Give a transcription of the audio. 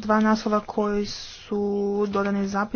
dva naslova koji su dodani zapis